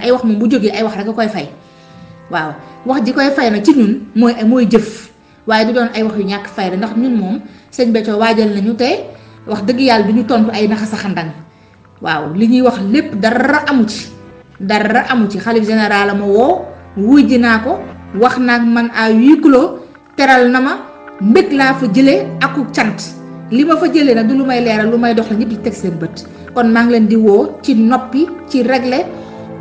ay wax moom bu jógee ay wax rek a koy fay waaw wax ji koy fay na ci ñun mooy mooy jëf waaye du doon ay wax yu ñàkk fay la ndax ñun moom sëñ Béthio waajal ñu tey wax dëgg yàlla du ñu tontu ay naxa saxandan waaw li ñuy wax lépp dara amu ci dara amu ci xalif général ma woo wuy naa ko wax naa naag man à huis clos teral na ma mbég laa fa jëlee aku cant li ma fa jëlee nag du lu may leeral lu may dox la ñëpp di teg seen bët kon maa ngi leen di woo ci noppi ci régler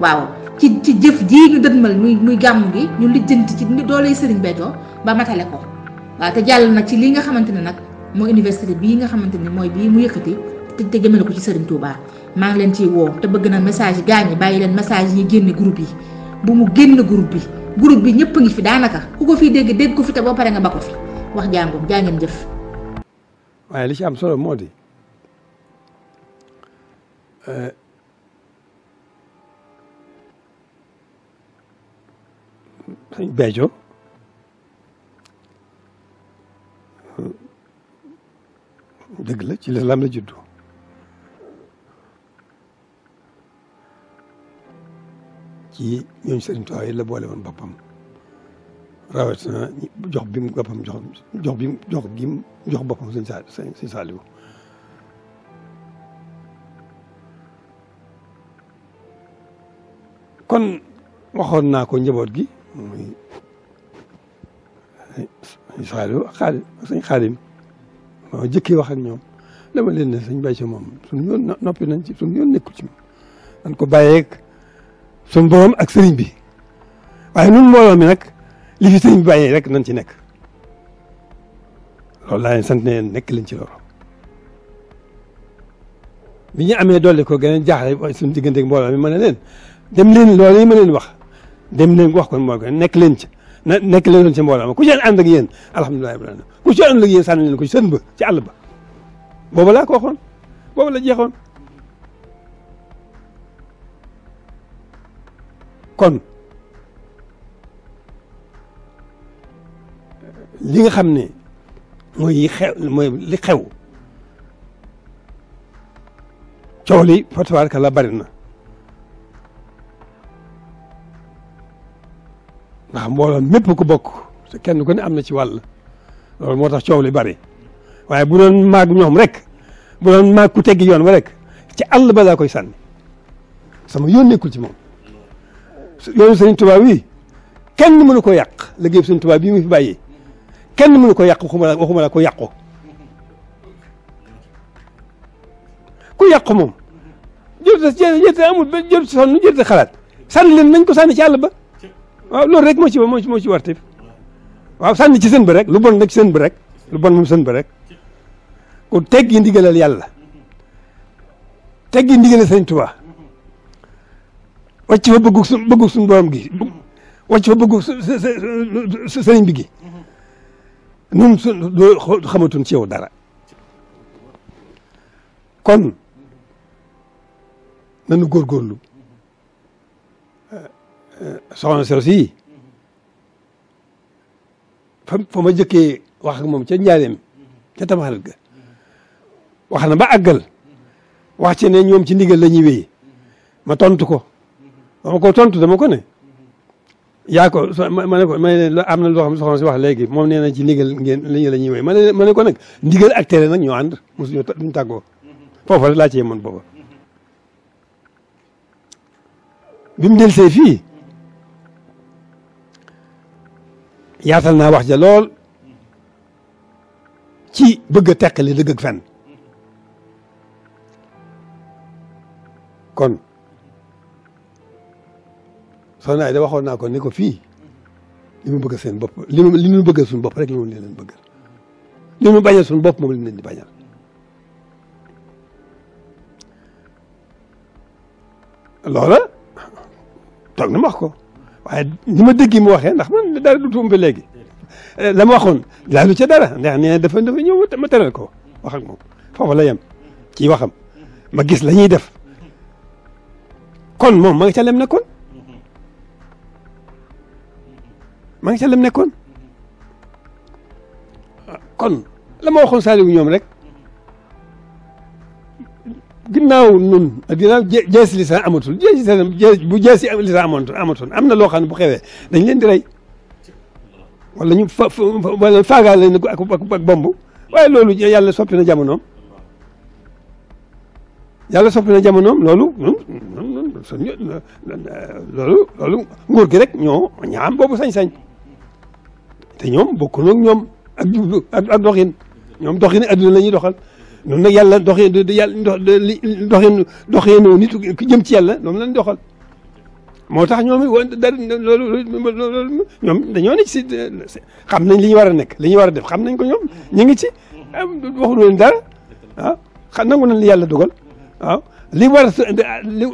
waaw ci ci jëf jii ñu dënmal muy muy gàmm bi ñu lijjant ci dooley Serigne Béthio ba matale ko waaw te jàll na ci li nga xamante ne nag mooy université bii nga xamante ni mooy bii mu yëkkati te te ko ci Serigne Touba maa ngi leen ci woo te bëgg na message gaañ yi bàyyi leen message yi génne groupe yi bu mu génn groupe bi groupe bi ñëpp ngi fi daanaka ku ko fi dégg dégg ko fi te boo pare nga ba ko fi wax jàngum jaa ngeen jëf. waaye li ci am solo moo di euh, Bello, dëgg la ci lislaam la juddu ci ñooñu Sëriñ Tuubaa yi la boole woon boppam rawatina jox bi mu boppam jox jox bi mu jox gi mu jox boppam sëñ saa kon waxoon naa ko njaboot gi muy sëñ Saliou ak xaadim sëñ xaadim maa jëkkee wax ak ñoom dama leen ne sëñ Bàcce moom suñu yoon noppi nañ ci suñu yoon ci moom dañ ko bàyyeeg suñu borom ak sëriñ bi waaye nun mbooloo mi nag li fi sëriñ bi bàyyee rek nañ ci nekk loolu laa leen sant nekk leen ci loolu bi ñu amee dolli ko gën a jaaxle suñu digganteeg mbooloo ma ne leen dem leen loolu yi ma leen wax dem leen wax ko mbooloo nekk leen ci na leen ci mbooloo ma ku ci ànd ak yéen alhamdulilah rabbil alamin ku ci ànd ak yéen sànni leen ko ci sën ba ci àll booba laa ko booba la jeexoon kon li nga xam ni mooy yi li xew coow li fa tabaraka la bari na ndax mbooloo mépp ko bokk te kenn ku ne am na ci wàll loolu moo tax coow li bari waaye bu doon maag ñoom rek bu doon maag ku teggi yoon ba rek ci àll ba laa koy sànni sama yoon nekkul ci moom yoonu sëriñ Tuubaa wi kenn mënu ko yàq liggéey sëriñ Tuubaa bii mu fi bàyyi kenn mënu ko yàq waxuma la waxuma la ko yàqu ku yàqu moom jërte jërte amul benn jërte sonn jërte xalaat sànni leen nañ ko sànni ci àll ba waaw rek moo ci moo ci moo ci war ci seen bi lu bon nag seen bi rek lu bon moom seen bi rek ku teggi ndigalal yàlla teggi ndigalal sëñ Tuubaa wàcc fa bëggu su bëggu suñu borom gi wàcc fa bëggu sëriñ bi gi ñun su xamatuñ ci yow dara kon soxna si aussi fa fa ma jëkkee wax ak moom ca njaareem ca tabaxalat ga wax na ba àggal wax ci ne ñoom ci ndigal la ñuy wéy ma tontu ko ma ko tontu dama ko ne yaa ko ma ne ko ma am na loo xam si wax léegi moom neena na ci ndigal ngeen la ñuy wéy ma ne ko nag ndigal ak tere nag ñoo ànd mosuñu duñ tàggoo foofu rek laa ci yemoon booba bi mu del see fii yaatal naa wax ja lool ci bëgg a teqali dëgg ak fen kon soxna Ayda waxoon naa ko ni ko fii li mu bëgg seen bopp li mu li mu bëgg suñu bopp rek li mu leen bëgg li mu bañal suñu bopp moom li mu leen di bañal loola toog na wax ko waaye ni ma dégg mu waxee ndax man dara du tuumbe léegi eh, la ma waxoon laalu ca dara ndax nee dafa dafa ñëw ma teral ko wax ak moom foofu la yem ci waxam ma gis la ñuy def kon moom ma nga ca lem nekkoon ma nga ca lem nekkoon ah, kon la ma waxoon Saliou ñoom rek ginnaw nun ak ginnaaw jeesi lisaan amatul jeesi lisaan bu jeesi lisaan amatul amatul am na loo xam ne bu xewee dañ leen di rey wala ñu fa wala faagaal lañ ko ak ak bomb waaye loolu yàlla soppi na jamono yàlla soppi na jamonoom loolu loolu loolu nguur gi rek ñoo ñaam boobu sañ-sañ te ñoom bokkuñu ak ñoom ak ak doxin ñoom doxin adduna la ñuy doxal noonu nag yàlla doxee yàlla doxee doxee noo nit ku jëm ci yàlla noonu lañ doxal moo tax ñoom dar dara lool loolu ñoom dañoo ne ci xam nañ li ñu war a nekk li ñu war a def xam nañ ko ñoom ñu ngi ci waxuñu leen dara ah xam nangu nañ li yàlla dogal waaw ah li war su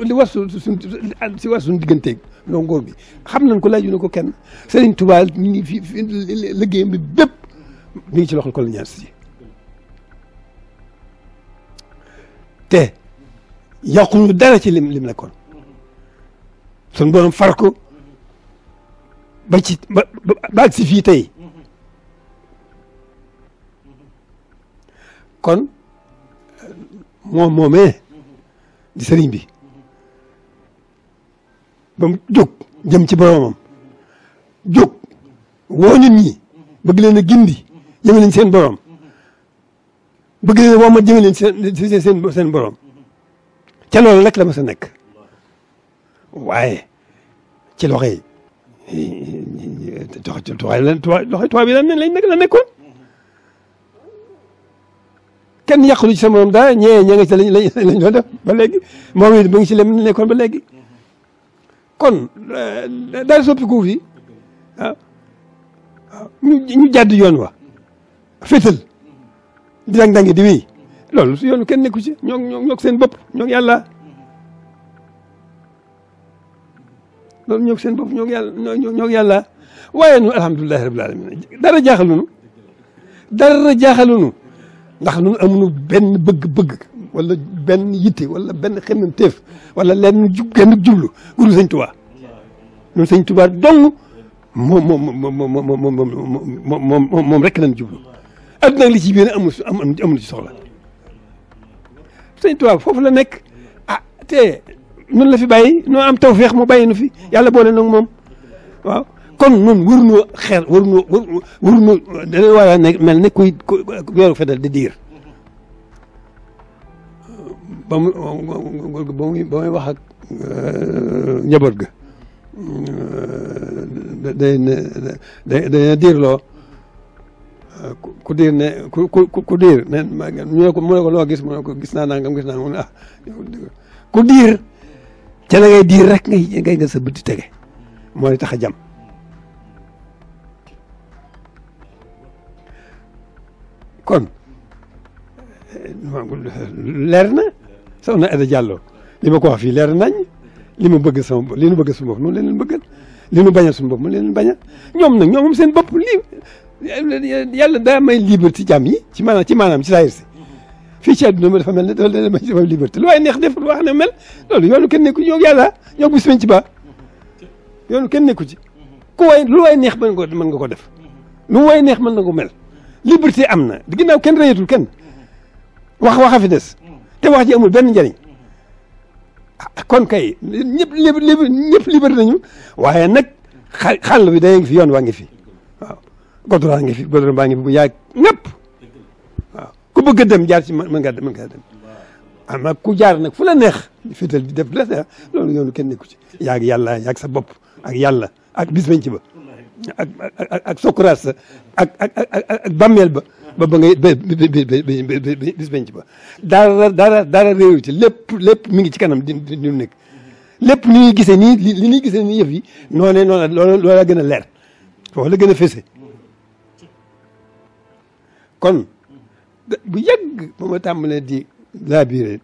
li war su suñ si war suñu digganteeg ndongoor bi xam nañ ko laaj na ko kenn Serigne Touba ñu ngi fi liggéeyam bi bépp mi ngi ci loxol Kolda Niass te yàquñu dara ci lim lim nekkoon sun borom far ba ci ba fii tey kon moom moomee di sëriñ bi ba mu jóg jëm ci boromam jóg woo ñun ñi bëgg leen gindi jëme nañ seen borom bëgg leen woo ma jëme leen seen seen seen borom ca loolu rek la ma sa nekk waaye ci loxo yi tox tuwaay lan tuwaay loxo tuwaay bi lan lañ nekk la nekkoon kenn yàqulu ci sa morom daa ñee ña nga ci lañ lañ doon def ba léegi moom it mu ngi ci lem nekkoon ba léegi kon eh, daal soppiku fi waaw ah, ah, ñu jàdd yoon wa fétal di dang dangi di wéy loolu su yoonu kenn nekku ci ñoo ñoo ñoo seen bopp ñoo yàlla loolu ñoo seen bopp ñoo yàlla ñoo ñoo yàlla waaye nu alhamdulilahi rabil alamin dara jaaxalunu dara jaaxalunu ndax nun amuñu benn bëgg-bëgg wala benn yitte wala benn xemmam teef wala lenn ju genn jublu guru sëñ Tuubaa nun sëñ Tuubaa dong moom moom moom moom moom moom moom moom rek lañ jublu adduna ak li ci biir amul amul ci soxla sëñ Tuubaa foofu la nekk ah te noonu la fi bàyyi noo am tawféex mu bàyyi nu fi yàlla boole nag moom waaw kon noonu waruñoo xeer waruñoo waruñoo dana war a nekk mel ne kuy weeru fetal di diir ba mu ba muy ba muy wax ak njaboot ga day day day diirloo. ku diir ne ku ku ku diir mu ne ko loo gis mu ne ko gis naa gis naa mu ne ah ku diir ca la diir rek ngay ngay nga sa bët tege moo tax a jam kon leer na soxna Aida Diallo li ma ko wax fii leer nañ li ma bëgg sama li nu bëgg suñu bopp noonu leen leen bëggal li nu bañal suñu bopp mu leen bañal ñoom nag ñoom moom bopp lii yàlla daa may liberté jàmm yi ci maanaam ci maanaam ci saayir si fii ci àdduna ma dafa mel ne dafa leen may dafa liberté lu waaye neex def lu wax ne mel loolu yoonu kenn nekku ci ñoo yàlla ñoo bis ci ba yoonu kenn nekku ci ku waay lu waay neex mën nga ko mën nga ko def lu waay neex mën na ko mel liberté am na ginnaaw kenn reyatul kenn wax waxa fi des te wax ji amul benn njëriñ kon kay ñëpp ñëpp liberté nañu waaye nag xal xàll bi day ngi fi yoon waa ngi fi goudron ngi fi goudron baa ngi bu yàgg ñëpp waaw ku bëgg a dem jaar ci mën ngaa dem mën ngaa ku jaar nag fu la neex féetal bi def la neex loolu yoonu kenn nekku ci yaag yàlla yaag sa bopp ak yàlla ak bis bañ ci ba ak sa ak ak ak bàmmeel ba ba ba ngay ba bis bañ ci ba dara dara dara réew ci lépp lépp mi ngi ci kanam din di nekk lépp ni ñuy gisee nii li ñuy gisee nii yëf yi noonee loola gën a leer foofu la gën a fese kon bu yàgg ba ma di laabiré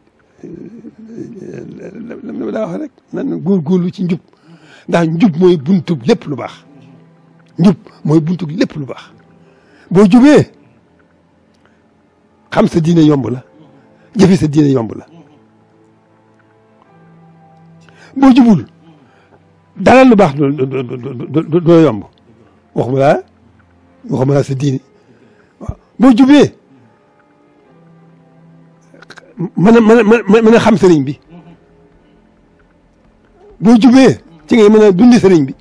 la ma daa wax rek nan góorgóorlu ci njub ndax njub mooy buntub lépp lu baax njub mooy buntub lépp lu baax boo jubee xam sa diine yomb la jëfe sa yomb la boo jubul dara lu baax doo doo yomb waxuma laa waxuma laa sa boo jubee mën a mën a xam sëriñ bi boo jubee ci ngay mën a sëriñ bi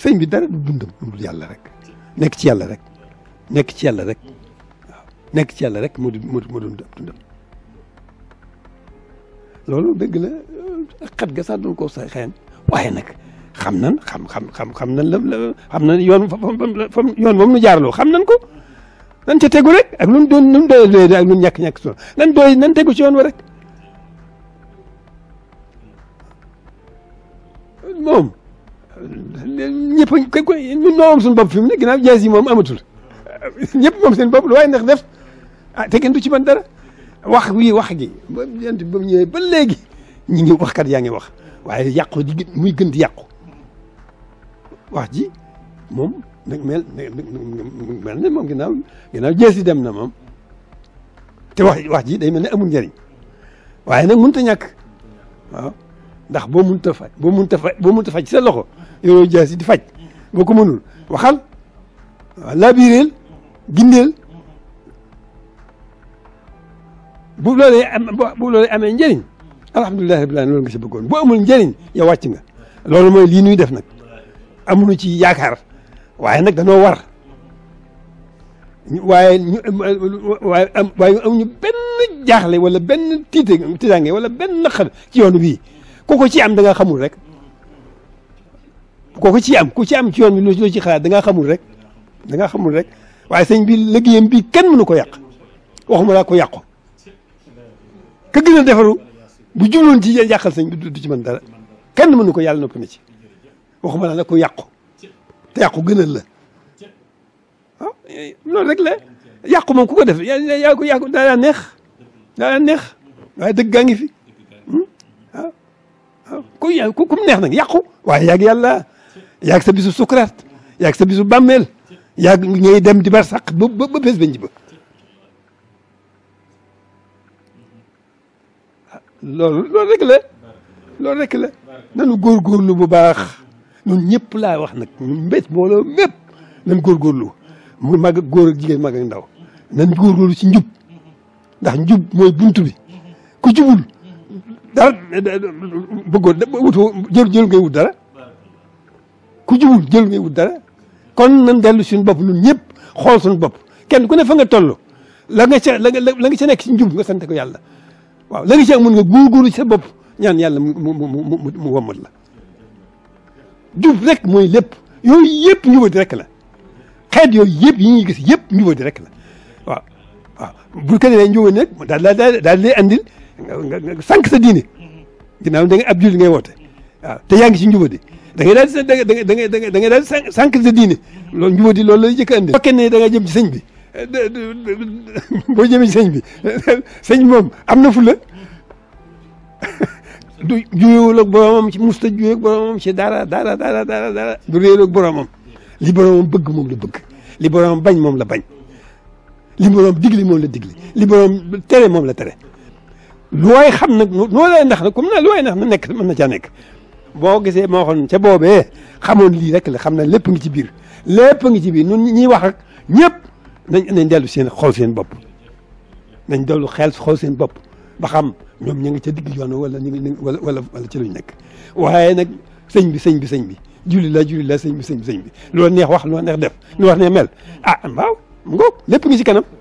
sëriñ bi dara du dundam dundul yàlla rek nekk ci yàlla rek nekk ci yàlla rek waaw nekk ci yàlla rek moo di moo moo doon dundam loolu dëgg la xat ga sax doon ko sa xëyan waaye nag xam nan xam xam xam nan la xam nan yoon fa yoon moom nu jaarloo xam nan ko nan ca tegu rek ak nun doon nu mu doyee doyee ak nun ñàkk-ñàkk solo nan doy nan tegu ci yoon wa rek moom ñëpp a ko ñun ñoo am suñu bopp fi mu ne ginnaaw jaas yi moom amatul ñëpp moom seen bopp lu waaye ndax def ah te du ci man dara wax wii wax gi ba yent ba mu ñëwee ba léegi ñi ngi waxkat yaa ngi wax waaye yàqu di muy gën di yàqu wax ji moom nag mel mel ne moom ginnaaw ginnaaw jeesi dem na moom te wax wax ji day mel ne amul njëriñ waaye nag mënut a ñàkk ndax boo mënut a faj boo mënut a faj se mënut a faj sa loxo yoroo jeesi di faj boo ko mënul waxal waaw laabireel gindeel bu loolee am bu loolee amee njëriñ alhamdulilah rabbil na loolu nga si bëggoon bu amul njëriñ yow wàcc nga loolu mooy lii nuy def nag amuñu ci yaakaar. waaye nag danoo war waaye ñu waaye am waaye benn jaaxle wala benn tiite tiitaange wala benn naqar ci yoon bii ku ko ci am da nga xamul rek ku ci am ku ci am ci yoon bi loo ci xalaat da nga xamul rek danga nga xamul rek waaye sëñ bi liggéeyam bii kenn mënu ko yàq waxuma laa ko yàqu ka gën a defaru bu jubloon ci yàqal sëñ bi du ci mën dara kenn mënu ko yàlla noppi na ci waxuma laa nag ko yàqu te yàqu gënal la ah loolu rek la yàqu moom ku ko def yàqu yàqu daa daa neex daa daa neex waaye dëgg gaa ngi fi hmm? ah ah ku yà ku mu neex nag yàqu waaye yàgg yàlla yàgg sa bisu sukuraat yàgg sa bisu bàmmeel yàgg ñooy dem di barsàq ba ba ba bés ba nji ba ah, ñun ñëpp laay wax nag ñun mbét mbooloo mépp nañ góorgóorlu mu mag ak góor ak jigéen mag ak ndaw nañ góorgóorlu ci njub ndax njub mooy buntu bi ku jubul dara bëggoo wutoo jël jël ngay wut dara ku jubul jël ngay wut dara kon nañ dellu suñu bopp ñun ñëpp xool suñu bopp kenn ku ne fa nga toll la nga ca la nga ca nekk ci njub nga sant ko yàlla waaw la nga ca mën nga góorgóorlu ci sa bopp ñaan yàlla mu mu mu mu la jub rek mooy lépp yooyu yëpp njubadi rek la xeet yooyu yëpp yi ñuy gis yëpp njubadi rek la waaw waaw bu ko defee njubadi nag daal la daal lay andil nga sànq sa diine ginnaaw da nga ab julli ngay woote waaw te ngi ci njubadi da ngay daal di da nga da nga da nga daal di sànq sa diine loolu njubadi loolu lool jëkk andil fekkee ne da nga jëm ci sëñ bi boo jëmee ci sëñ bi sëñ moom am na fu du juyewul ak boromam ci musta juyee ak boromam ci dara dara dara du réer ak boromam li boromam bëgg moom la bëgg li boromam bañ moom la bañ li boromam digli moom la digli li boromam tere moom la tere looy xam nag noo lay ndax nag comme na looy ndax na nekk mën na caa nekk boo gisee moo waxoon ca boobee xamoon lii rek la xam na lépp ngi ci biir lépp ngi ci biir ñun ñuy wax ak ñëpp nañ nañ dellu seen xool seen bopp nañ dellu xel xool seen bopp ñoom ñu ngi ca digg yoon wala ñu ngi wala wala wala ci luñ nekk waaye nag sëñ bi sëñ bi sëñ bi julli la julli la sëñ bi sëñ bi sëñ bi loo neex wax loo neex def lu wax ne mel ah waaw mu ngoog lépp ngi ci kanam